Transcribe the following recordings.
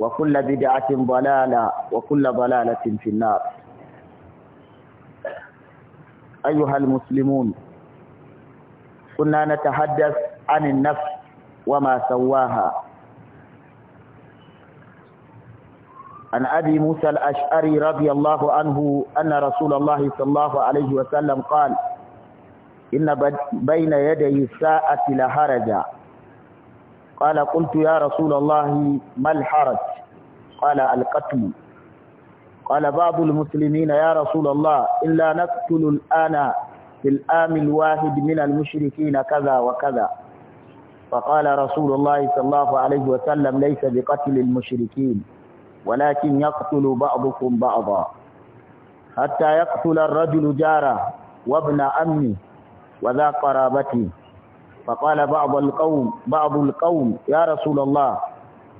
وكل بدعة ضلالة وكل ضلالة في النار أيها المسلمون كنا نتحدث عن النفس وما سواها عن أبي موسى الأشعري رضي الله عنه أن رسول الله صلى الله عليه وسلم قال إن بين يدي الساعة لهرجا قال قلت يا رسول الله ما الحرج قال القتل قال بعض المسلمين يا رسول الله إلا نقتل الآن في الآم الواحد من المشركين كذا وكذا فقال رسول الله صلى الله عليه وسلم ليس بقتل المشركين ولكن يقتل بعضكم بعضا حتى يقتل الرجل جاره وابن أمه وذا قرابته فقال بعض القوم بعض القوم يا رسول الله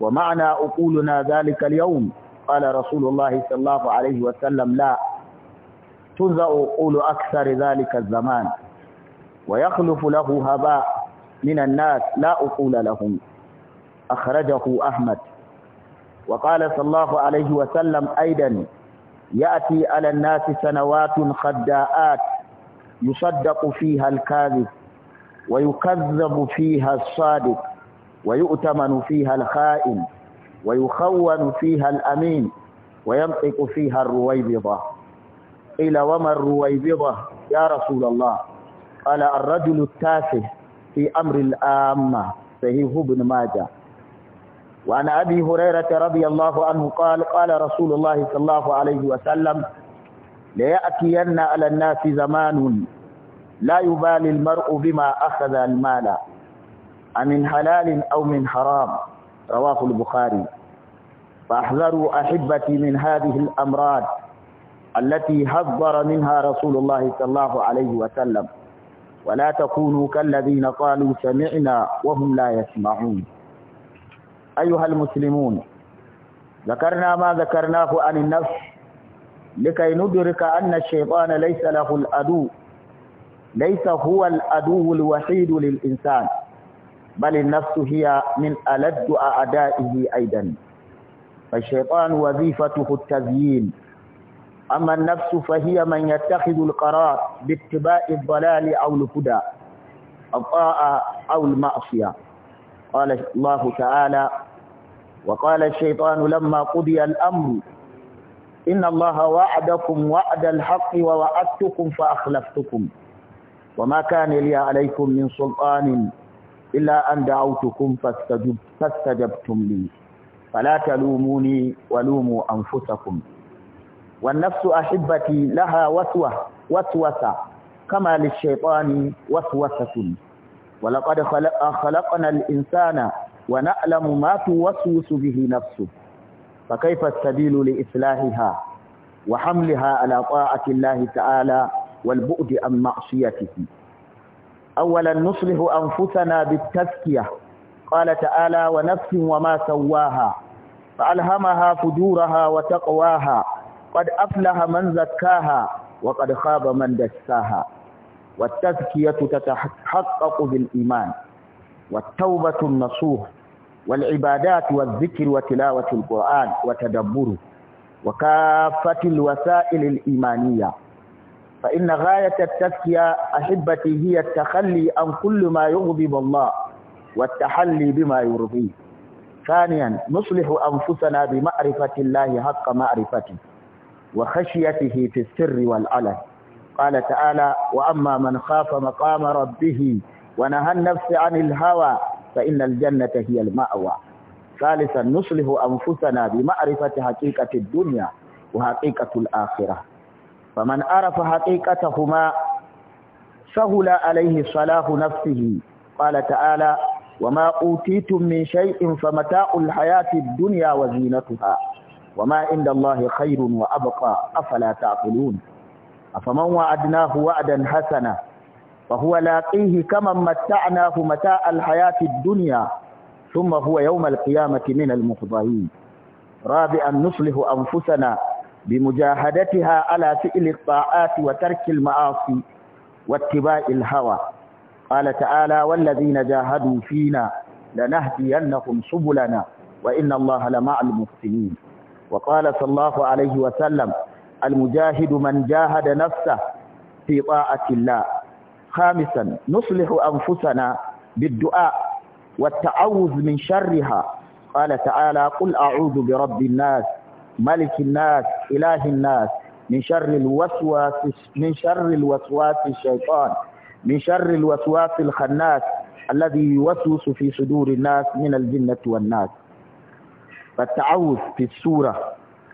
ومعنى أقولنا ذلك اليوم قال رسول الله صلى الله عليه وسلم لا تنزع أقول أكثر ذلك الزمان ويخلف له هباء من الناس لا أقول لهم أخرجه أحمد وقال صلى الله عليه وسلم أيضا يأتي على الناس سنوات خداءات يصدق فيها الكاذب ويكذب فيها الصادق ويؤتمن فيها الخائن ويخون فيها الأمين وينطق فيها الرويبضة قيل وما الرويبضة يا رسول الله قال الرجل التافه في أمر الآمة صحيح ابن ماجه وعن أبي هريرة رضي الله عنه قال قال رسول الله صلى الله عليه وسلم ليأتين على الناس زمان لا يبالي المرء بما أخذ المال أمن حلال أو من حرام رواه البخاري فاحذروا أحبتي من هذه الأمراض التي حذر منها رسول الله صلى الله عليه وسلم ولا تكونوا كالذين قالوا سمعنا وهم لا يسمعون أيها المسلمون ذكرنا ما ذكرناه عن النفس لكي ندرك أن الشيطان ليس له الأدو ليس هو العدو الوحيد للإنسان بل النفس هي من ألد أعدائه أيضا فالشيطان وظيفته التزيين أما النفس فهي من يتخذ القرار باتباع الضلال أو الهدى الطاعة أو المعصية قال الله تعالى وقال الشيطان لما قضي الأمر إن الله وعدكم وعد الحق ووعدتكم فأخلفتكم وما كان لي عليكم من سلطان إلا أن دعوتكم فاستجب فاستجبتم لي فلا تلوموني ولوموا أنفسكم والنفس أحبتي لها وسوة وسوسة كما للشيطان وسوسة ولقد خلقنا الإنسان ونعلم ما توسوس به نفسه فكيف السبيل لإصلاحها وحملها على طاعة الله تعالى والبؤد عن معصيته أولا نصلح أنفسنا بالتزكية قال تعالى ونفس وما سواها فألهمها فجورها وتقواها قد أفلح من زكاها وقد خاب من دساها والتزكية تتحقق بالإيمان والتوبة النصوح والعبادات والذكر وتلاوة القرآن وتدبره وكافة الوسائل الإيمانية فإن غاية التزكية أحبتي هي التخلي عن كل ما يغضب الله والتحلي بما يرضيه ثانيا نصلح أنفسنا بمعرفة الله حق معرفته وخشيته في السر والعلن قال تعالى وأما من خاف مقام ربه ونهى النفس عن الهوى فإن الجنة هي المأوى ثالثا نصلح أنفسنا بمعرفة حقيقة الدنيا وحقيقة الآخرة فمن عرف حقيقتهما سهل عليه صلاح نفسه قال تعالى وما أوتيتم من شيء فمتاع الحياة الدنيا وزينتها وما عند الله خير وأبقى أفلا تعقلون أفمن وعدناه وعدا حسنا فهو لاقيه كمن متعناه متاع الحياة الدنيا ثم هو يوم القيامة من المخضعين رابعا نصلح أنفسنا بمجاهدتها على فعل الطاعات وترك المعاصي واتباع الهوى قال تعالى والذين جاهدوا فينا لنهدينهم سبلنا وإن الله لمع المحسنين وقال صلى الله عليه وسلم المجاهد من جاهد نفسه في طاعة الله خامسا نصلح أنفسنا بالدعاء والتعوذ من شرها قال تعالى قل أعوذ برب الناس ملك الناس إله الناس من شر الوسواس من شر الوسواس الشيطان من شر الوسواس الخناس الذي يوسوس في صدور الناس من الجنة والناس فالتعوذ في السورة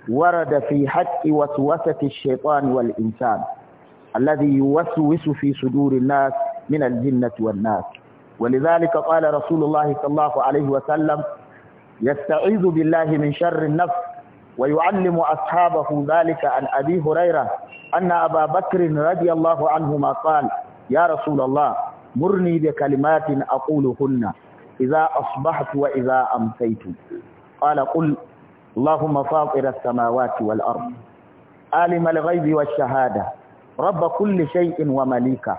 ورد في حق وسوسة الشيطان والإنسان الذي يوسوس في صدور الناس من الجنة والناس ولذلك قال رسول الله صلى الله عليه وسلم يستعيذ بالله من شر النفس ويعلم أصحابه ذلك عن أبي هريرة أن أبا بكر رضي الله عنهما قال يا رسول الله مرني بكلمات أقولهن إذا أصبحت وإذا أمسيت قال قل اللهم فاطر السماوات والأرض عالم الغيب والشهادة رب كل شيء ومليكه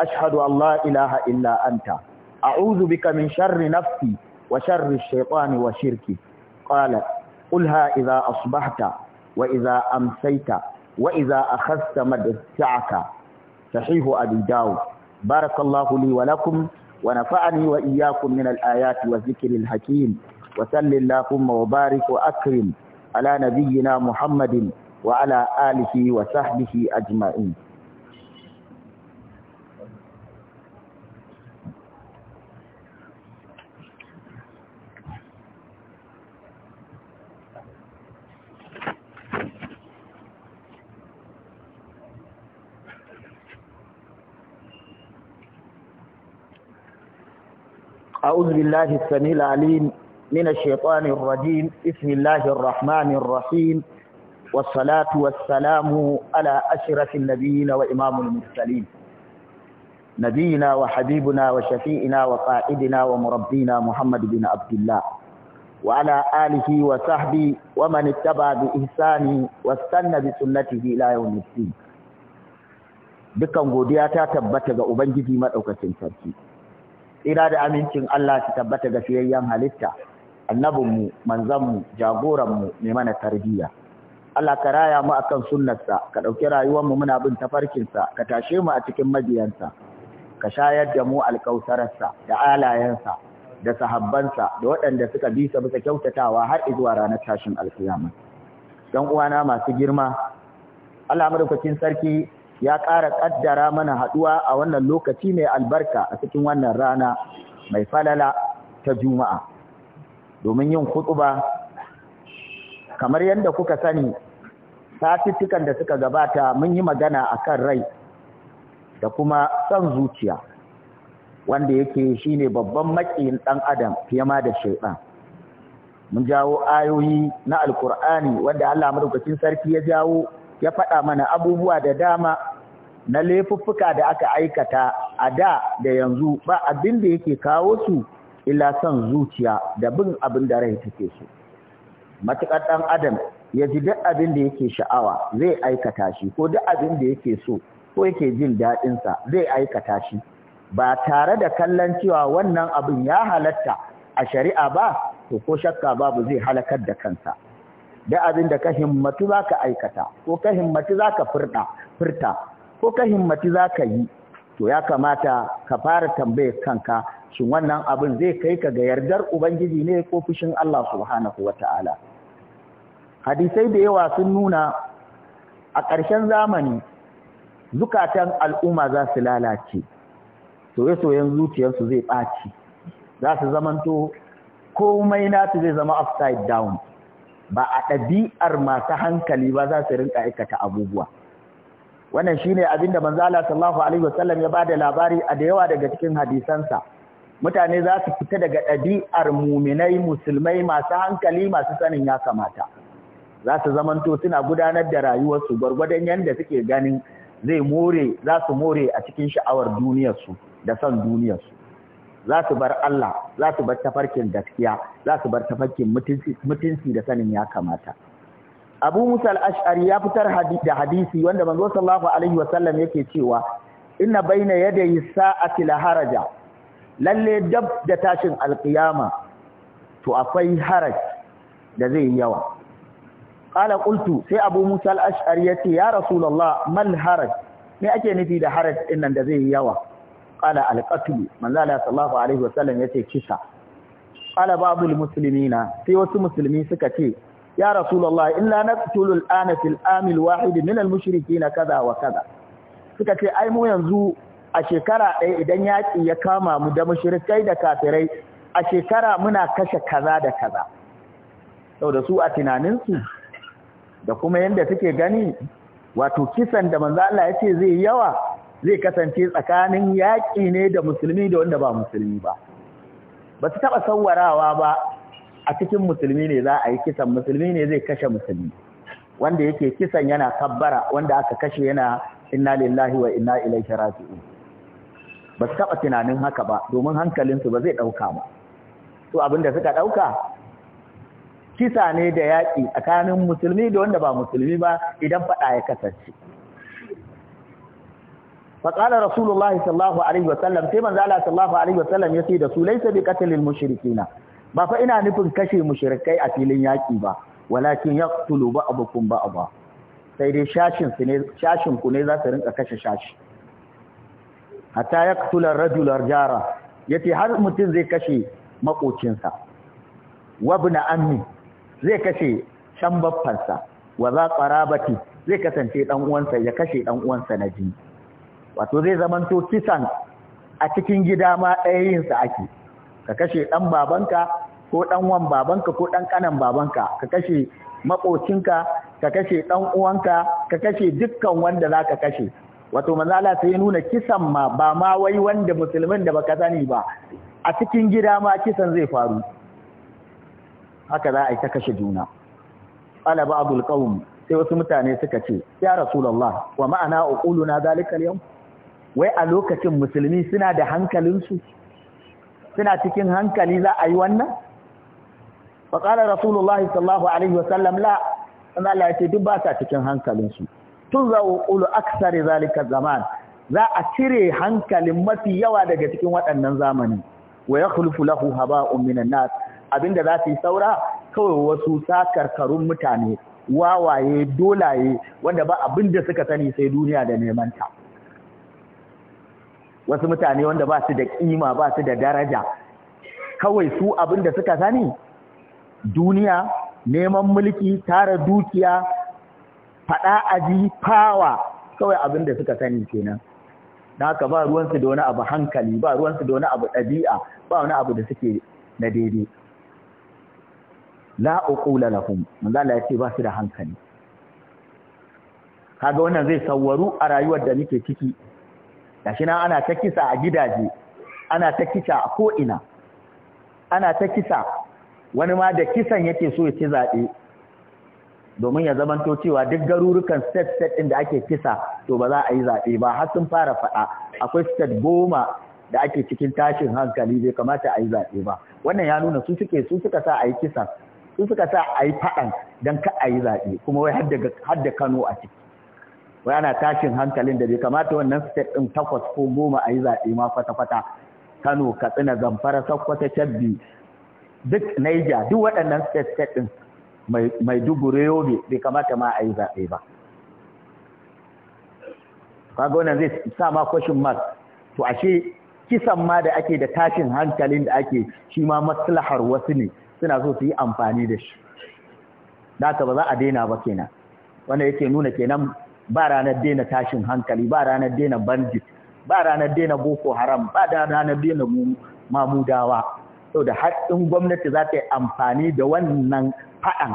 أشهد أن لا إله إلا أنت أعوذ بك من شر نفسي وشر الشيطان وشركي قال قلها إذا أصبحت وإذا أمسيت وإذا أخذت مدسعك صحيح أبي داود بارك الله لي ولكم ونفعني وإياكم من الآيات والذكر الحكيم وسل اللهم وبارك وأكرم على نبينا محمد وعلى آله وصحبه أجمعين أعوذ بالله السميع العليم من الشيطان الرجيم بسم الله الرحمن الرحيم والصلاة والسلام على أشرف النبيين وإمام المرسلين نبينا وحبيبنا وشفيئنا وقائدنا ومربينا محمد بن عبد الله وعلى آله وصحبه ومن اتبع بإحسان واستنى بسنته إلى يوم الدين dukan godiya ta tabbata ga Ubangiji maɗaukacin sarki. tsira da amincin Allah su tabbata ga fiyayyen halitta annabinmu manzanmu jagoranmu mai mana tarbiyya Allah ka raya mu akan sunnarsa ka ɗauki rayuwarmu muna bin tafarkinsa ka tashe mu a cikin mabiyansa ka shayar da mu alkausararsa da alayensa da sahabbansa da waɗanda suka bi sa bisa kyautatawa har zuwa ranar tashin alkiyama dan uwana masu girma Allah madaukakin sarki ya ƙara ƙaddara mana haɗuwa a wannan lokaci mai albarka a cikin wannan rana mai falala ta juma'a domin yin kutuba kamar yadda kuka sani satuttukan da suka gabata mun yi magana a kan rai da kuma son zuciya wanda yake shine babban maƙiyin ɗan adam fiye ma da shaiɗan mun jawo ayoyi na Alƙur'ani, wanda Allah madaukakin sarki ya jawo ya faɗa mana abubuwa da dama na laifuffuka da aka aikata a da da yanzu ba abin da yake kawo su ila son zuciya da bin abin da rai take so matuƙar ɗan adam ya ji duk abin da yake sha'awa zai aikata shi ko duk abin da yake so ko yake jin daɗinsa zai aikata shi ba tare da kallon cewa wannan abin ya halatta a shari'a ba to ko shakka babu zai halakar da kansa Duk abin da ka himmatu za ka aikata ko ka himmatu za ka furta ko ka himmati za ka yi to ya kamata ka fara tambayar kanka shin wannan abin zai kai ka ga yardar ubangiji ne ko fushin Allah subhanahu wata'ala hadisai da yawa sun nuna a ƙarshen zamani zukatan al'umma za su lalace soye-soyen zuciyarsu zai ɓaci za su zamanto komai nasu zai zama upside down ba a ɗabi'ar masu hankali ba za su rinka aikata abubuwa wannan shine abin da manzo Allah sallallahu alaihi wasallam ya bada labari a da yawa daga cikin hadisansa mutane za su fita daga ɗabi'ar muminai musulmai masu hankali masu sanin ya kamata za su zamanto suna gudanar da rayuwarsu gwargwadon yadda suke ganin zai more za su more a cikin sha'awar duniyarsu da son duniyarsu za su bar Allah za su bar tafarkin gaskiya za su bar tafarkin mutunci da sanin ya kamata Abu Musa al-Ash'ari ya fitar da hadisi wanda manzo sallallahu alaihi wasallam yake cewa inna baina yadayi sa'ati la haraja lalle dab da tashin alqiyama to akwai haraj da zai yawa qala qultu sai Abu Musa al-Ash'ari yace ya Rasulullah mal haraj me ake nufi da haraj din nan da zai yawa qala al-qatl manzo sallallahu alaihi wasallam yace kisa qala Babul muslimina sai wasu musulmi suka ce ya rasulullah illa naqtulu al'ana fil amil wahid min al-mushrikeen kaza wa kaza suka ce ai mu yanzu a shekara ɗaya idan yaki ya kama mu da mushrikai da kafirai a shekara muna kashe kaza da kaza Sau da su a tunaninsu da kuma yadda suke gani wato kisan da manzo Allah ya ce zai yawa zai kasance tsakanin yaki ne da musulmi da wanda ba musulmi ba ba su taɓa sauwarawa ba a cikin musulmi ne za a yi kisan musulmi ne zai kashe musulmi wanda yake kisan yana kabbara wanda aka kashe yana inna lillahi wa inna ilaihi raji'un ba su taɓa tunanin haka ba domin hankalinsu ba zai ɗauka ba su abinda suka ɗauka kisa ne da yaki tsakanin musulmi da wanda ba musulmi ba idan fada ya kasance faƙala rasulullahi sallallahu alaihi wasallam sai manzala sallallahu alaihi wasallam ya si da su laisa bi katilil mushrikina ba fa ina nufin kashe mushrikai a filin yaƙi ba walakin yaqtulu ba'dukum ba'dha sai dai shashin su ne shashin ku ne za su rinka kashe shashi hatta yaqtula ar-rajula jara yace har mutum zai kashe makocinsa Wabna ibn ammi zai kashe shan baffansa wa za qarabati zai kasance dan uwansa ya kashe dan uwansa na jini wato zai zamanto kisan a cikin gida ma ɗaya ake ka kashe ɗan babanka ko ɗan wan babanka ko ɗan ƙanan babanka ka kashe maƙocinka ka kashe ɗan uwanka ka kashe dukkan wanda za ka kashe wato maza Allah sai nuna kisan ma ba ma wai wanda musulmin da baka sani ba a cikin gida ma kisan zai faru haka za a yi ta kashe juna ba ba'dul qawm sai wasu mutane suka ce ya rasulullah wa ma'ana na zalika al-yawm wai a lokacin musulmi suna da hankalinsu su suna cikin hankali za a yi wannan fa qala rasulullahi sallallahu alaihi wasallam la anna la duk ba sa cikin hankalinsu tuzau ulu aksari zalika zaman za a cire hankalin mafi yawa daga cikin waɗannan zamani wa yakhlufu lahu haba'un minan nas abinda za su yi saura kawai wasu sakarkarun mutane wawaye dolaye wanda ba abinda suka sani sai duniya da nemanta. ta wasu mutane wanda ba su da ƙima ba su da daraja kawai su abin da suka sani duniya neman mulki tara dukiya fada aji fawa kawai abin da suka sani kenan don haka ba ruwansu da wani abu hankali ba ruwansu da wani abu ɗabi'a ba wani abu da suke na daidai la uqula lahum manzala yace ba su da hankali kaga wannan zai sauwaru a rayuwar da nake ciki gashi nan ana ta kisa a gidaje ana ta kisa a ko'ina ana ta kisa wani ma da kisan yake so ya ci zaɓe domin ya zamanto cewa duk garurukan state-state ɗin da ake kisa to ba za a yi zaɓe ba har sun fara faɗa akwai state goma da ake cikin tashin hankali bai kamata a yi zaɓe ba wannan ya nuna su suke su suka sa a yi kisan su suka sa a yi faɗan don ka a yi zaɓe kuma wai har da kano a ciki wai ana tashin hankalin da bai kamata wannan state ɗin takwas ko goma a yi zaɓe ma kwata-kwata kano katsina zamfara sakkwata cabbi duk naija duk waɗannan state state ɗin mai dubure yobe bai kamata ma a yi zaɓe ba kaga wannan zai sa ma question mark to ashe kisan ma da ake da tashin hankalin da ake shi ma maslahar wasu ne suna so su yi amfani da shi da ba za a daina ba kenan wanda yake nuna kenan ba ranar daina tashin hankali ba ranar daina bandit ba ranar daina boko haram ba ranar daina mamudawa sau da haɗin gwamnati za ta yi amfani da wannan faɗan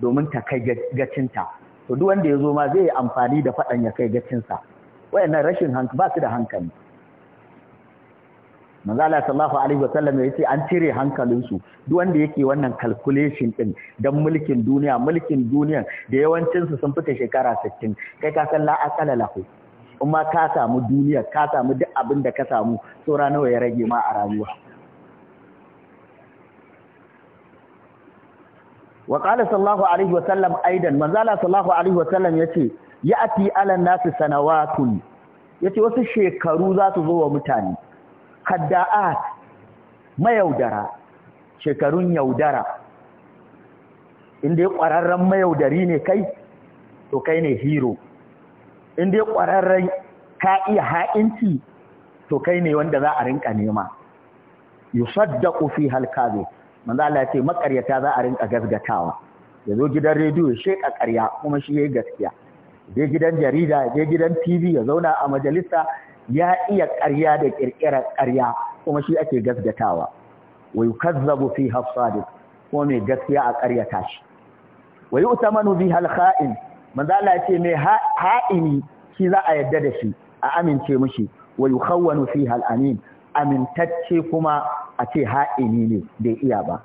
domin ta kai gacinta to duk wanda ya zo ma zai yi amfani da faɗan ya kai gacinsa wayannan rashin hankali ba su da hankali manzo sallallahu alaihi wasallam ya ce an cire hankalinsu duk wanda yake wannan calculation din dan mulkin duniya mulkin duniya da yawancin su sun fita shekara 60 kai ka san la akala lahu amma ka samu duniya ka samu duk abin da ka samu saura nawa ya rage ma a rayuwa wa qala sallallahu alaihi wasallam aidan manzo sallallahu alaihi wasallam yace ya'ti ala nasi sanawatun yace wasu shekaru za su zo wa mutane kadda'at mayaudara shekarun yaudara inda ya ƙwararren mayaudari ne kai to kai ne hero inda ya ƙwararren ka ha'inci to kai ne wanda za a rinka nema yusaddaqu fi halkabe manzo Allah ya ce makaryata za a rinka gasgatawa ya zo gidan rediyo ya sheka ƙarya kuma shi yayi gaskiya je gidan jarida je gidan TV ya zauna a majalisa ya iya ƙarya da ƙirƙirar ƙarya kuma shi ake gasgatawa wa yukazzabu fi hafsadiq kuma mai gaskiya a ƙarya shi wa yu'tamanu biha al-kha'in manzo Allah ya ce mai ha'ini shi za a yadda da shi a amince mishi wa yukhawwanu fiha al-amin amintacce kuma a ce ha'ini ne bai iya ba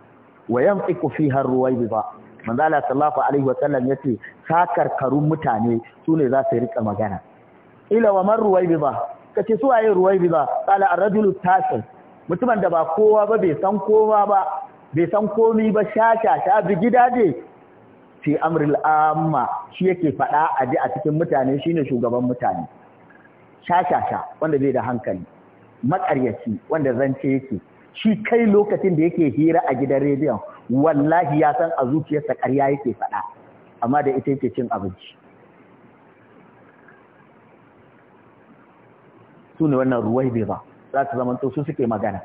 wa yanfiqu fiha ar-ruwaybiba manzo Allah sallallahu alaihi wa sallam yace sakarkarun mutane sune za su rika magana ila wa man ruwaybiba Ka ce su waye ba. qala ar-rajulu tasil mutumin da ba kowa ba bai san kowa ba bai san komi ba sha sha bi gida dai fi amril amma shi yake faɗa a ji a cikin mutane shine shugaban mutane shashasha wanda bai da hankali makaryaci wanda zance yake shi kai lokacin da yake hira a gidan rediyon wallahi ya san a zuciyarsa ƙarya yake faɗa amma da ita yake cin abinci su ne wannan ruwai bai ba za su zama to su suke magana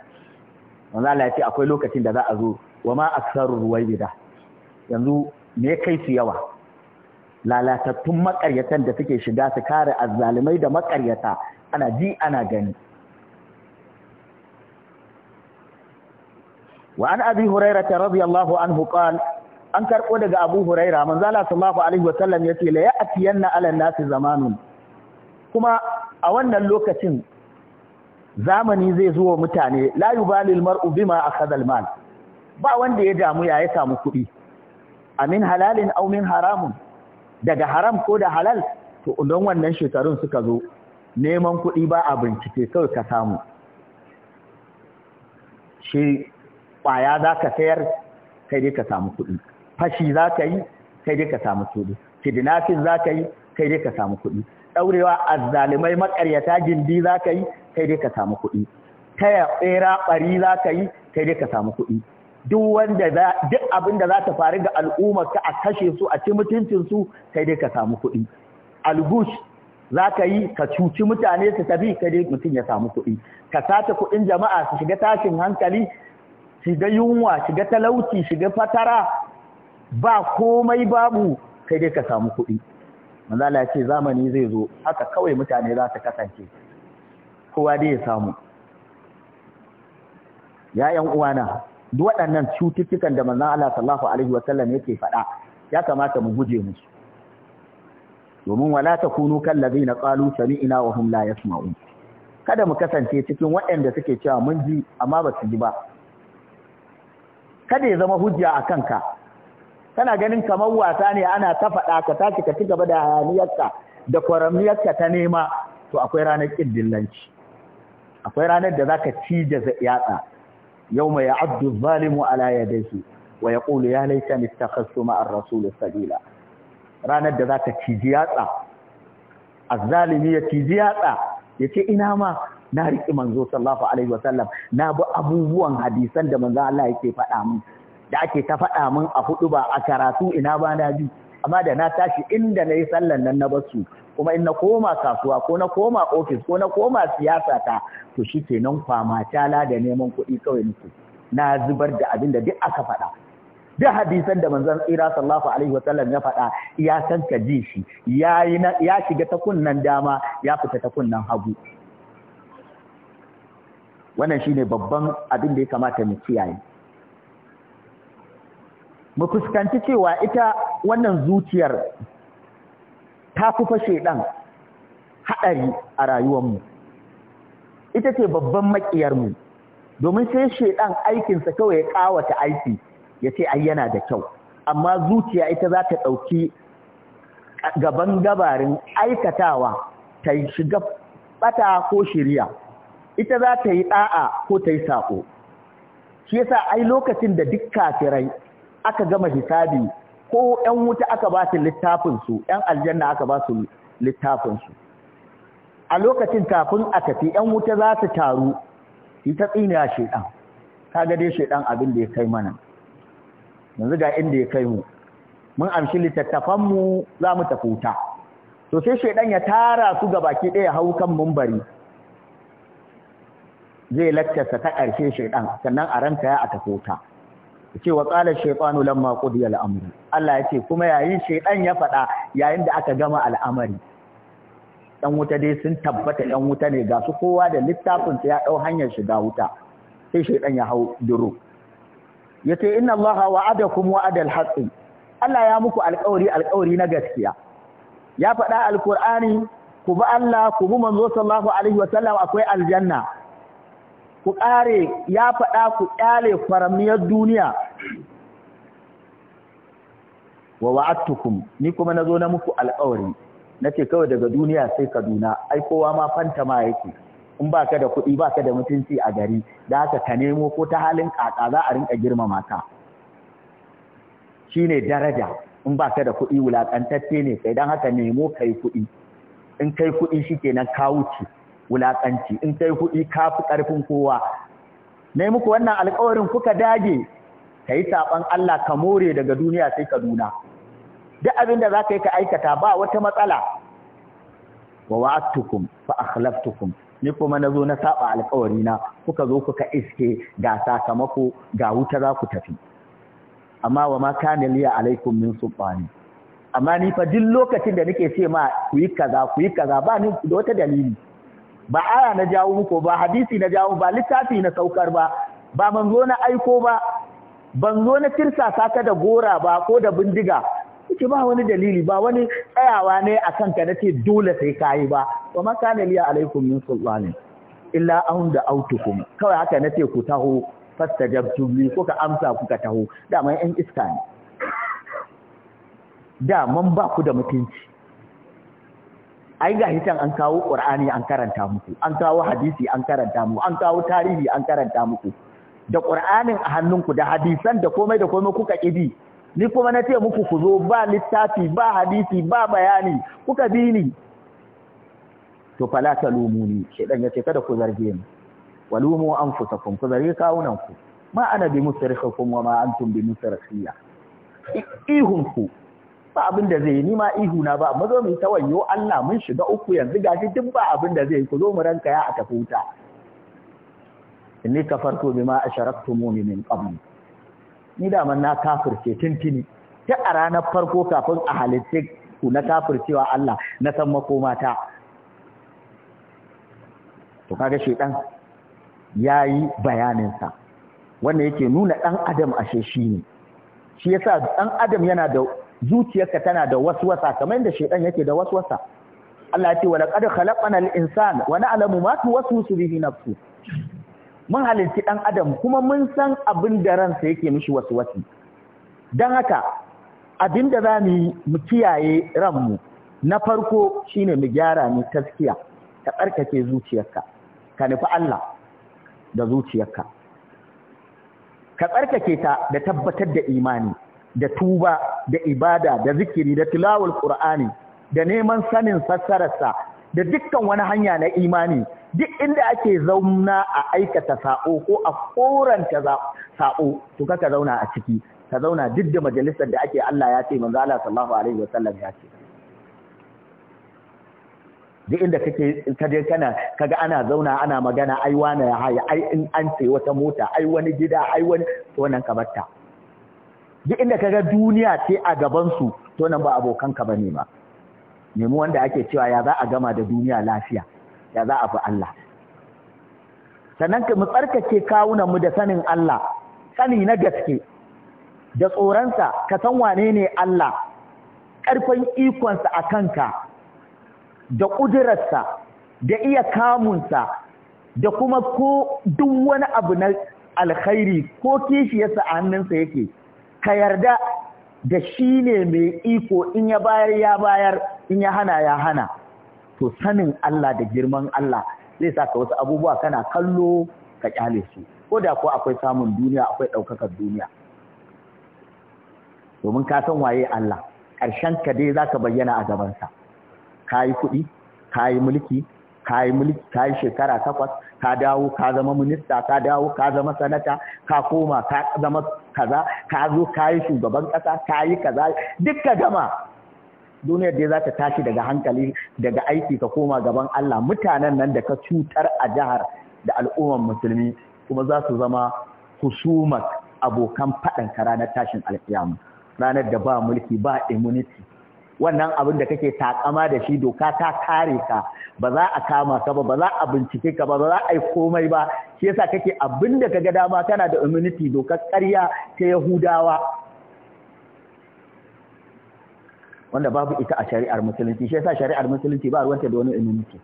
wanda Allah ya ce akwai lokacin da za a zo wa ma aksaru ruwai bai da yanzu me kai su yawa lalatattun makaryatan da suke shiga su kare azzalimai da makaryata ana ji ana gani wa an abi hurairah radiyallahu anhu qala an karɓo daga abu huraira manzala sallallahu alaihi wa sallam yace la ya'tiyanna ala nasi zamanun kuma a wannan lokacin zamani zai zuwa mutane la yubalil mar'u bima akhadha al ba wanda ya damu ya samu kuɗi amin halalin aw min haramun daga haram ko da halal to don wannan shekarun suka zo neman kuɗi ba a bincike kawai ka samu shi ƙwaya za ka sayar kai dai ka samu kuɗi fashi za ka yi kai dai ka samu kuɗi kidnapping za ka yi kai dai ka samu kuɗi ɗaurewa zalimai maƙaryata gindi za ka yi kai dai ka samu kuɗi taya tsera ɓari za ka yi kai dai ka samu kuɗi duk wanda duk abin da za ta faru ga al'ummar ka a kashe su a ci mutuncin su kai dai ka samu kuɗi algush za ka yi ka cuci mutane su tafi kai dai mutum ya samu kuɗi ka sace kuɗin jama'a su shiga tashin hankali shiga yunwa shiga talauci shiga fatara ba komai babu kai dai ka samu kuɗi manzo ya ce zamani zai zo haka kawai mutane za su kasance kowa dai ya samu ya yan uwana duk waɗannan cututtukan da manzan Allah sallallahu alaihi ya yake faɗa ya kamata mu guje musu domin wala takunu kallazina qalu sami'na wa hum la yasma'un kada mu kasance cikin waɗanda suke cewa mun ji amma ba su ji ba kada ya zama hujja a kanka kana ganin kamar wasa ne ana ta faɗa ka tashi ka ci gaba da hayaniyarka da kwaramiyarka ta nema to akwai ranar ƙin akwai ranar da zaka ci da yatsa ya abdu zalimu ala yadayhi wa yaqulu ya laitani ta ma'a ar-rasul sabila ranar da zaka ci yatsa zalimi ya ci yatsa Ya ce ina ma na riƙe manzo sallallahu alaihi wasallam na bi abubuwan hadisan da manzo Allah yake faɗa min da ake ta faɗa min a hudu ba a karatu ina ba na bi amma da na tashi inda na yi sallan nan na basu kuma in na koma kasuwa ko na koma ofis ko na koma siyasa ta to shi ke nan kwama tala da neman kuɗi kawai nake na zubar da abin da duk aka faɗa duk hadisan da manzon tsira sallallahu alaihi Sallam ya faɗa ya san ka ji shi ya ya shiga ta kunnan dama ya fita ta kunnan hagu wannan shine babban abin da ya kamata mu kiyaye mu fuskanci cewa ita wannan zuciyar ta fi fashe ɗan haɗari a rayuwarmu ita ce babban maƙiyarmu domin sai shaiɗan aikinsa kawai ya ƙawata aiki ya ce ai yana da kyau amma zuciya ita za ta ɗauki gaban gabarin aikatawa ta shiga ɓata ko shirya ita za ta yi ɗa'a ko ta yi saƙo shi yasa ai lokacin da duk kafirai aka gama hisabi ko ‘yan wuta aka ba su littafinsu, ‘yan aljanna aka ba su littafinsu. A lokacin kafin a tafi ‘yan wuta za su taru, yi ta tsiniya shaiɗan, ka gade shaiɗan abin da ya kai mana. Yanzu ga inda ya kai mu, mun amshi littattafanmu za mu tafi To sai shaiɗan ya tara su ga baki ɗaya hau kan mumbari. Zai lakcarsa ta ƙarshe shaiɗan, sannan a ranka ya a tafi ce wa qala shaytanu lamma qudiya al’amuri Allah ya ce kuma yayin shaiɗan ya faɗa yayin da aka gama al'amari ɗan wuta dai sun tabbata ɗan wuta ne ga su kowa da littafin ya ɗau hanyar shiga wuta sai shaiɗan ya hau duru ce inna Allah wa'adakum wa'adal haqqi Allah ya muku alƙawari alƙawari na gaskiya ya faɗa Alƙur'ani ku bi Allah ku bi manzo sallallahu alaihi sallam akwai aljanna ku ƙare ya faɗa ku ƙyale faramiyar duniya wa wa'attukum ni kuma na zo na muku alƙawari Na ce kawai daga duniya sai Kaduna ai kowa ma fanta ma yake in ba ka da kuɗi ba ka da mutunci a gari da haka ka nemo ko ta halin ƙaƙa, za a rinka girmama ka shine daraja in ba ka da kuɗi wulakantacce ne kai don haka nemo ka yi kuɗi in kai kuɗi shi shikenan ka wuce Wulaƙanci in kai kuɗi ka fi ƙarfin kowa na yi muku wannan alƙawarin kuka dage ka yi saɓon Allah ka more daga duniya sai kaduna duk abin da za ka yi ka aikata ba wata matsala wa wa'attukum fa akhlaftukum ni kuma na zo na saba alkawari na kuka zo kuka iske ga sakamako ga wuta za ku tafi amma wa ma kana liya alaikum min sultani amma ni fa duk lokacin da nake ce ma ku yi kaza ku yi kaza ba ni da wata dalili ba aya na jawo muku ba hadisi na jawo ba littafi na saukar ba ba manzo na aiko ba ban zo na tirsasa ka da gora ba ko da bindiga kike ba wani dalili ba wani tsayawa ne a kanka na ce dole sai ka ba wa ma kana liya alaikum min sultani illa an da autukum kawai haka na ce ku taho fastajabtu li kuka amsa kuka taho daman yan iska ne da man ba ku da mutunci ai ga hitan an kawo qur'ani an karanta muku an kawo hadisi an karanta muku an kawo tarihi an karanta muku da qur'anin a hannunku da hadisan da komai da komai kuka kibi ni kuma na ce muku ku zo ba littafi ba hadisi ba bayani kuka bi ni to fala talumuni shedan yace kada ku zarge ni walumu anfusakum ku zarge kawunan ku ma ana bi musrifukum wa ma antum bi musrifiya ihun ku ba abin da zai yi ni ma ihu na ba mu zo mu ta Allah mun shiga uku yanzu gashi duk ba abin da zai yi ku zo mu ranka ya a tafi wuta inni kafartu bima mu min qabli ni da man na kafirce tintini ta a ranar farko kafin a halitta ku na kafircewa Allah na san ta to kaga shedan yayi bayanin sa wanda yake nuna dan adam ashe shi ne shi yasa dan adam yana da zuciyarka tana da wasa. kamar yadda shaitan yake da waswasa Allah ya ce wala qad khalaqana al-insan wa na'lamu ma tuwaswisu bihi nafsu mun halitti ɗan adam kuma mun san abin da ransa yake mishi waswasi dan haka abin da za mu mu kiyaye ranmu na farko shine mu gyara ni taskiya ka tsarkake zuciyarka ka nufi Allah da zuciyarka ka tsarkake ta da tabbatar da imani da tuba da ibada da zikiri da tilawul qur'ani da neman sanin fassararsa da dukkan wani hanya na imani duk inda ake zauna a aikata sa'o ko a koranta sa'o to kaka zauna a ciki ka zauna duk da majalisar da ake Allah ya ce manzo Allah sallallahu alaihi wasallam ya ce duk inda kake je kana kaga ana zauna ana magana ai wani ya ai in an ce wata mota ai wani gida ai wani to nan ka batta duk inda ka ga duniya ce a gabansu su to nan ba abokan ka bane ba nemi wanda ake cewa ya za a gama da duniya lafiya ya za a fi Allah sannan mu tsarkake kawunan mu da sanin Allah sani na gaske da tsoronsa ka san wane ne Allah ƙarfin ikonsa a kanka da ƙudurarsa da iya kamunsa da kuma ko duk wani abu na alkhairi ko kishiyarsa a hannunsa yake ka yarda da shi ne mai iko in ya bayar ya bayar in ya hana ya hana to sanin Allah da girman Allah zai sa ka wasu abubuwa kana kallo ka kyale su ko da ko akwai samun duniya akwai ɗaukakar duniya domin ka san waye Allah ƙarshen ka dai za ka bayyana a gabansa ka yi kuɗi ka yi mulki ka yi mulki ka yi shekara takwas ka dawo ka zama minista ka dawo ka zama sanata ka koma ka zama kaza ka zo ka yi shugaban kasa, ka yi kaza duk ka gama duniyar dai za ta tashi daga hankali daga aiki ka koma gaban Allah mutanen nan da ka cutar a jihar da al'ummar musulmi kuma za su zama husumar abokan faɗan ka ranar tashin alƙiyama ranar da ba mulki ba immunity wannan abin da kake takama da shi doka ta kare ka ba za a kama ka ba ba za a bincike ka ba za a yi komai ba shi yasa kake abin da kaga dama kana da immunity dokar ƙarya ta Yahudawa wanda babu ita a shari'ar musulunci shi yasa shari'ar musulunci ba ruwanta da wani immunity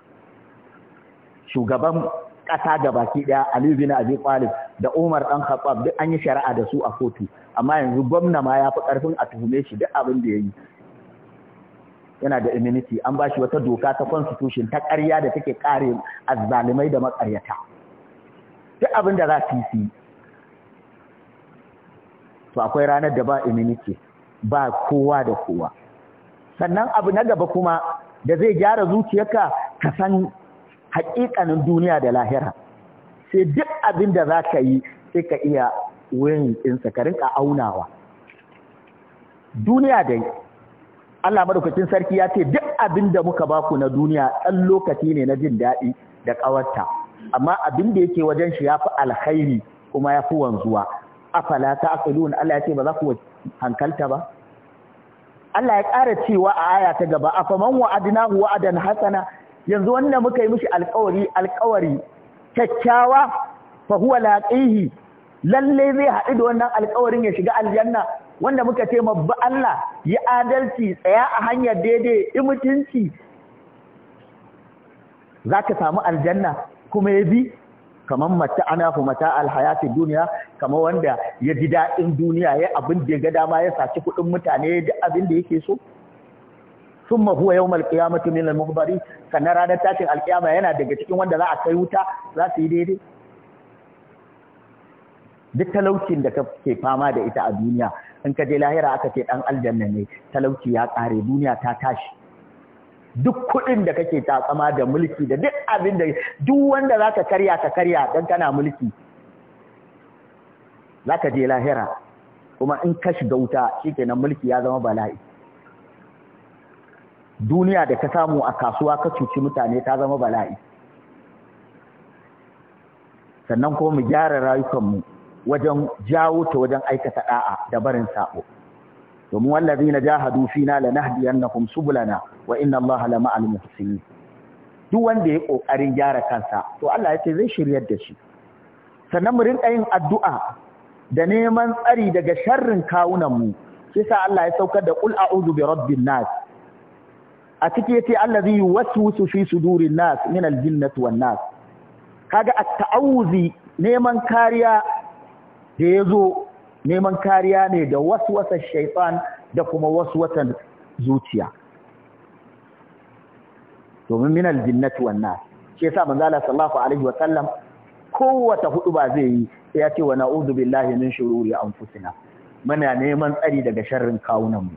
shugaban ƙasa ga baki ɗaya Aliyu bin Abi Talib da Umar ɗan Khattab duk an yi shari'a da su a kotu amma yanzu gwamna ma ya fi ƙarfin a tuhume shi duk abin da ya yi yana da immunity an ba shi wata doka ta constitution ta ƙarya da take ƙare azzalumai da maƙaryata duk abin da za su yi to akwai ranar da ba immunity ba kowa da kowa sannan abu na gaba kuma da zai gyara zuciyarka ka san haƙiƙanin duniya da lahira sai duk abin da za ka yi sai ka iya wurin ɗinsa ka rinka aunawa duniya dai Allah madaukakin sarki ya ce duk abin da muka baku na duniya ɗan lokaci ne na jin daɗi da ƙawarta amma abin da yake wajen shi ya fi alkhairi kuma ya wanzuwa afala ta aqilun Allah ya ce ba za ku hankalta ba Allah ya ƙara cewa a aya ta gaba afaman wa'adnahu wa'adan hasana yanzu wanda muka yi mishi alƙawari alƙawari kyakkyawa fa huwa laqihi lalle zai haɗu da wannan alƙawarin ya shiga aljanna wanda muka ce mabba Allah yi adalci tsaya a hanyar daidai mutunci za ka samu aljanna kuma ya bi kamar mata ana kuma ta alhayatun duniya kamar wanda ya ji daɗin duniya ya abin da ya ga ma ya saci kuɗin mutane ya ji abin da yake so sun mahuwa yau malƙiyamatu min na muhbari sannan ranar tashin alƙiyama yana daga cikin wanda za a kai wuta za su yi daidai duk talaucin da ke fama da ita a duniya in ka je lahira aka ce dan aljanna ne talauci ya ƙare duniya ta tashi duk kuɗin da kake tsatsama da mulki da duk abin da duk wanda zaka karya ka karya dan kana mulki zaka je lahira kuma in ka shiga wuta shikenan mulki ya zama bala'i duniya da ka samu a kasuwa ka cuci mutane ta zama bala'i sannan kuma mu gyara rayukanmu wajen jawo ta wajen aikata da'a da barin sabo domin wallazina jahadu fina annakum subulana wa inna allaha ma'al muhsinin duk wanda ya kokarin gyara kansa to Allah ya ce zai shiryar da shi sannan mu rinka yin addu'a da neman tsari daga sharrin kawunan mu sai sa Allah ya saukar da qul a'udhu bi rabbin nas a cikin yace allazi yuwaswisu fi sudurin nas min aljinnati wan nas kaga at-ta'awuzi neman kariya da ya zo neman kariya ne da wasu waswasan shaifan da kuma wasu waswatan zuciya domin min aljinnati wannan nas sa manzala Allah alaihi wa sallam kowace hudu ba zai yi sai ya ce wa na'udhu billahi min shururi anfusina muna neman tsari daga sharrin kawunanmu, mu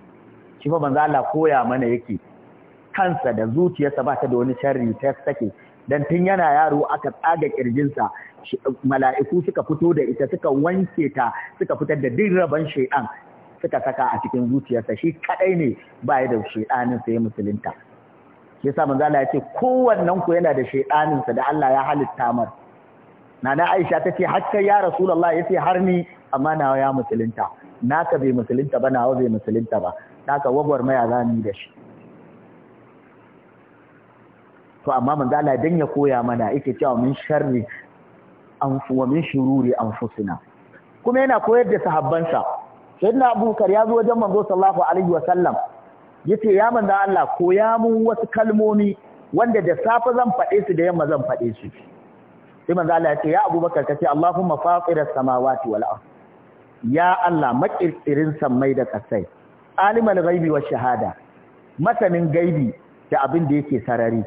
shi fa koya mana yake kansa da zuciyarsa ba ta da wani sharri ta sake dan tun yana yaro aka tsaga kirjinsa mala'iku suka fito da ita suka wanke ta suka fitar da duk rabon shaidan suka saka a cikin zuciyarsa shi kadai ne ba ya da shaidanin sai musulunta shi yasa manzo Allah ya ce kowannen ku yana da shaidanin sa da Allah ya halitta mar nana Aisha ta tace hakka ya Rasulullah yace har ni amma nawa ya musulunta naka bai musulunta ba nawa bai musulunta ba naka wagwar maya zani da shi to amma manzo Allah dan ya koya mana yake cewa min sharri fu wa min shururi anfusina kuma yana koyar da sahabbansa sayyidina Abubakar ya zo wajen manzo sallallahu alaihi wa sallam yace ya manzo Allah koya mun wasu kalmomi wanda da safe zan faɗe su da yamma zan faɗe su sai manzo Allah ya ce ya Abubakar kace Allahumma fatiras samawati wal ard ya Allah makirkirin sammai da kasai alimul ghaibi wash shahada masanin gaibi da abin da yake sarari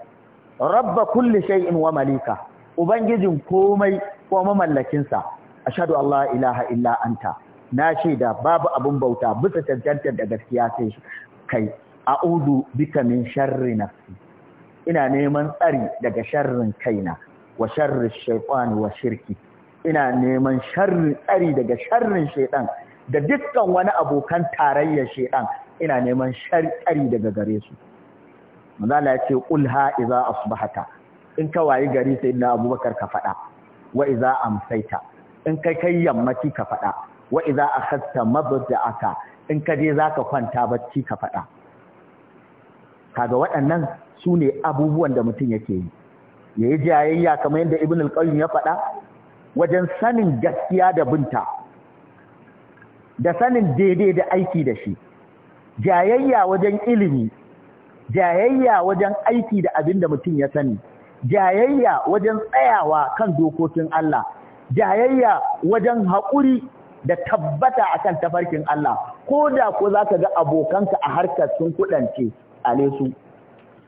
rabba kulli shay'in wa malika ubangijin komai ko mamallakin sa ashhadu ilaha illa anta na da babu abun bauta bisa cancantar da gaskiya sai kai a'udu bika min sharri nafsi ina neman tsari daga sharrin kaina wa sharri shaytan wa shirki ina neman sharri tsari daga sharrin shaytan da dukkan wani abokan tarayyar shaytan ina neman sharri tsari daga gare su Mazala ya ce qulha idza asbahata in ka wayi gari sai na abubakar ka faɗa wa a amsaita in kai kai yammaci ka faɗa wa idza akhadta aka in ka je zaka kwanta bacci ka faɗa kaga waɗannan su ne abubuwan da mutum yake yi ya yi jayayya kamar yadda ibn al ya faɗa wajen sanin gaskiya da binta da sanin daidai da aiki da shi jayayya wajen ilimi jayayya wajen aiki da abin da mutum ya sani jayayya wajen tsayawa kan dokokin Allah jayayya wajen haƙuri da tabbata a kan tafarkin Allah ko da ko za ka ga abokanka a harkar sun kudance a su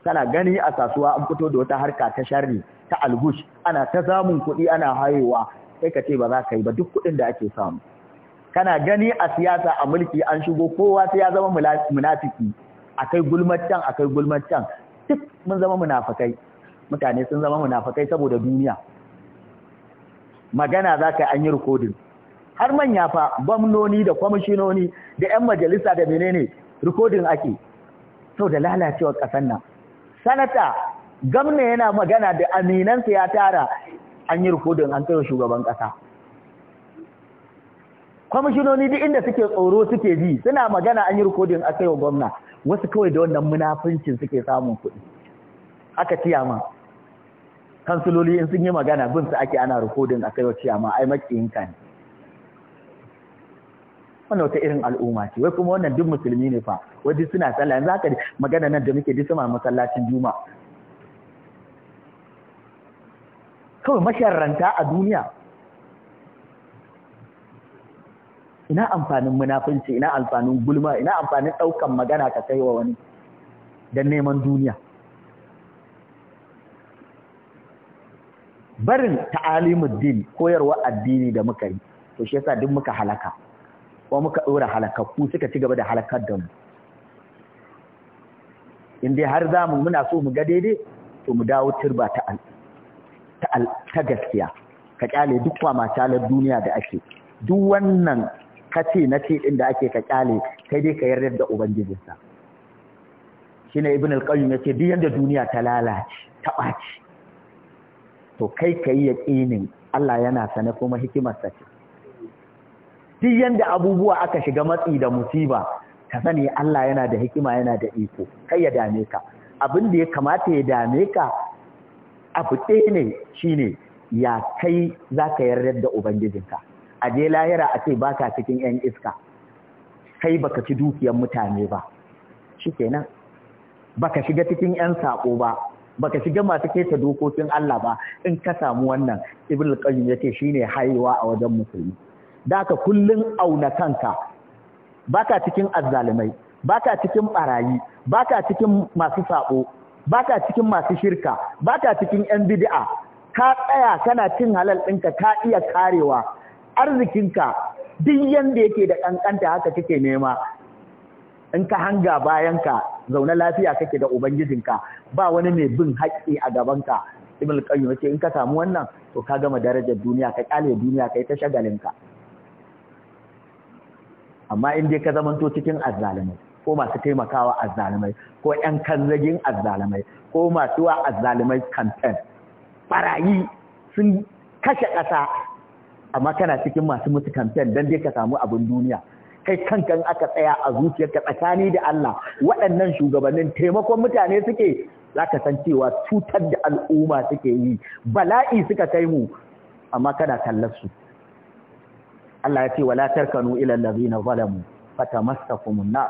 kana gani a kasuwa an fito da wata harka ta sharri ta algush ana ta samun kuɗi ana hayewa sai ka ce ba za ka yi ba duk kuɗin da ake samu kana gani a siyasa a mulki an shigo kowa sai ya zama munafiki akai gulmar can akai gulmar can duk mun zama munafakai mutane sun zama munafakai saboda duniya magana za ka an yi rikodin har manya fa gwamnoni da kwamishinoni da 'yan majalisa da menene rikodin ake sau da lalacewar kasan nan sanata gamna yana magana da aminansa ya tara an yi rikodin an kai shugaban ƙasa kwamishinoni duk inda suke tsoro suke bi suna magana an yi rikodin a kai wa gwamna wasu kawai da wannan munafincin suke samun kuɗi aka ciyama kansuloli in sun yi magana bin su ake ana rikodin a kai ciyama ai makiyinka ne Wani wata irin al'umma ce wai kuma wannan duk musulmi ne fa wadda suna sallah yanzu haka magana nan da muke duk sama masallacin juma'a kawai masharanta a duniya ina amfanin munafunci ina amfanin gulma ina amfanin ɗaukan magana ka kai wa wani don neman duniya barin ta'alimuddin koyarwa addini da muka yi to shi yasa duk muka halaka ko muka dora halakakku suka ci gaba da halakar da mu in dai har zamu muna so mu ga daidai to mu dawo turba ta al ta gaskiya ka kyale duk kwama talar duniya da ake duk wannan Ka ce na ce ɗin da ake ka ƙyale, kai dai ka yarda da ubangijinsa shine ibn al ya ce, duk yadda duniya ta lalace ta ɓaci to kai ka yi yaƙinin, Allah yana sane kuma hikimarsa ce duk yanda abubuwa aka shiga matsi da musiba ka sani Allah yana da hikima yana da iko kai ya dame ka abin da ya kamata ya dame ka abu ɗaya ne shine ya kai za ka yarda da ubangijinka a je lahira a ce baka cikin ‘yan iska, kai baka ci dukiyar mutane ba, shi kenan, baka shiga cikin ‘yan saƙo ba, baka shiga masu keta dokokin Allah ba, in ka samu wannan, Ibn al-Qayyim shine haiwa a wajen musulmi. Da ka kullum auna kanka, baka cikin azzalumai, baka cikin barayi, baka cikin masu saƙo, baka cikin masu shirka, baka cikin ‘yan bid'a, ka tsaya kana cin halal ɗinka ka iya karewa arzikinka duk yanda yake da ƙanƙanta haka kake nema in ka hanga bayan ka zaune lafiya kake da ubangijinka ba wani mai bin haƙƙi a gabanka ibn qayyim yace in ka samu wannan to ka gama darajar duniya ka kyale duniya kai ta shagalinka amma in dai ka zamanto cikin azzalumai ko masu taimakawa azzalumai ko ƴan kanzagin azzalumai ko masu wa azzalumai campaign barayi sun kashe ƙasa amma kana cikin masu musu kamfen don dai ka samu abin duniya kai kankan aka tsaya a zuciyarka tsakani da Allah waɗannan shugabannin taimakon mutane suke Za ka san cewa cutar da al'umma suke yi bala'i suka kai mu amma kana kallon su Allah ya ce wala tarkanu ila allazina zalamu fatamassakumun nar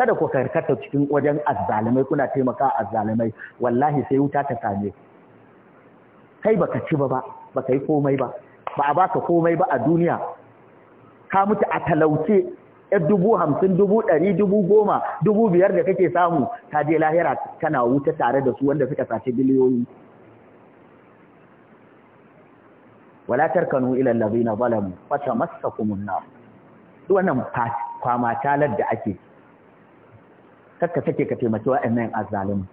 kada ku karkata cikin wajen azzalimai kuna taimaka azzalimai wallahi sai wuta ta same kai baka ci ba ba baka yi komai ba ba a baka komai ba a duniya ka mutu a talauce yar dubu hamsin dubu ɗari dubu goma dubu biyar da kake samu ta je lahira kana wuta tare da su wanda suka sace biliyoyi wala tarkanu ila allazina zalamu fa tamassakumun nar duk wannan kwama talar da ake kakka sake ka taimaki wa'annan azzalimi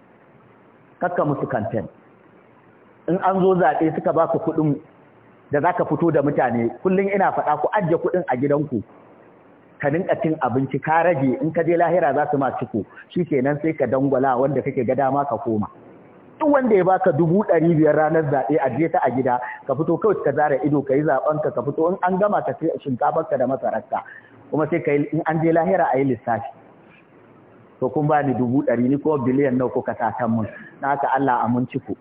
kakka musu kanten in an zo zaɓe suka ku kuɗin da za ka fito da mutane kullum ina faɗa ku ajiye kuɗin a gidanku ka ninka cin abinci ka rage in ka je lahira za su ma ciko shi kenan sai ka dangwala wanda kake ga dama ka koma duk wanda ya baka dubu ɗari biyar ranar zaɓe a je ta a gida ka fito kawai ka zara ido ka yi zaɓenka ka fito in an gama ka sai shinkafarka da masararka kuma sai ka yi in an je lahira a yi lissafi to kun ba ni dubu ɗari ni ko biliyan nawa kuka satan mun na haka Allah mun ciko.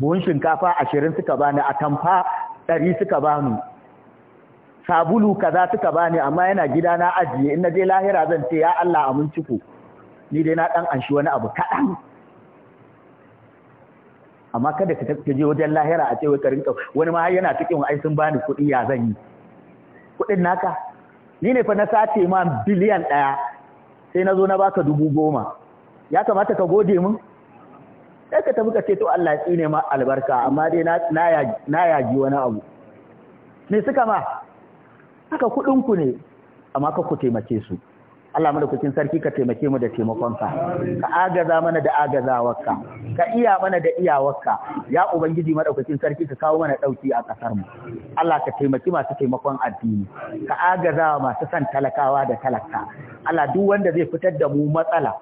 buhun shinkafa ashirin suka bani atamfa ɗari suka bani sabulu kaza suka bani amma yana gida na ajiye in je lahira zan ce ya Allah amin ciku ni dai na ɗan anshi wani abu kaɗan amma kada ka je wajen lahira a ce wai ka wani ma yana cikin ai sun bani kuɗi ya zan yi kuɗin naka ni ne fa na sace ma biliyan ɗaya sai na zo na baka dubu goma ya kamata ka gode min sai ka tafi ka ce to Allah ya tsine ma albarka amma dai na yaji wani abu me suka ma haka kuɗinku ne amma ka ku taimake su Allah madaukakin sarki ka taimake mu da taimakonka ka agaza mana da agazawarka ka iya mana da iyawarka ya ubangiji madaukakin sarki ka kawo mana dauki a kasar mu Allah ka taimaki masu taimakon addini ka agaza masu san talakawa da talaka Allah duk wanda zai fitar da mu matsala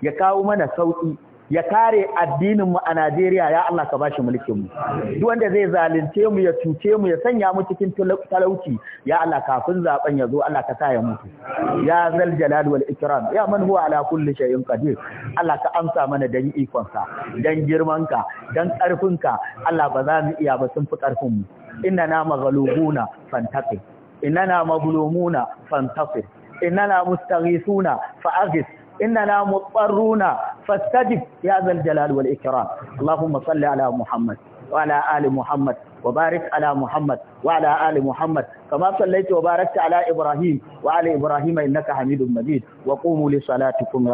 ya kawo mana sauki ya kare addinin mu a Najeriya ya Allah ka bashi mulkin mu duk wanda zai zalunce mu ya cuce mu ya sanya mu cikin talauci ya Allah kafin zaben ya zo Allah ka sa ya mutu ya zal jalal wal ikram ya man huwa ala kulli shay'in qadir Allah ka amsa mana dan ikon ka dan girman ka dan ka Allah ba za mu iya ba sun fi karfin mu innana maghlubuna fantaqi innana maglumuna fantaqi innana mustaghithuna fa'ghith إننا مضطرون فاستجب يا ذا الجلال والإكرام اللهم صل على محمد وعلى آل محمد وبارك على محمد وعلى آل محمد كما صليت وباركت على إبراهيم وعلى إبراهيم إنك حميد مجيد وقوموا لصلاتكم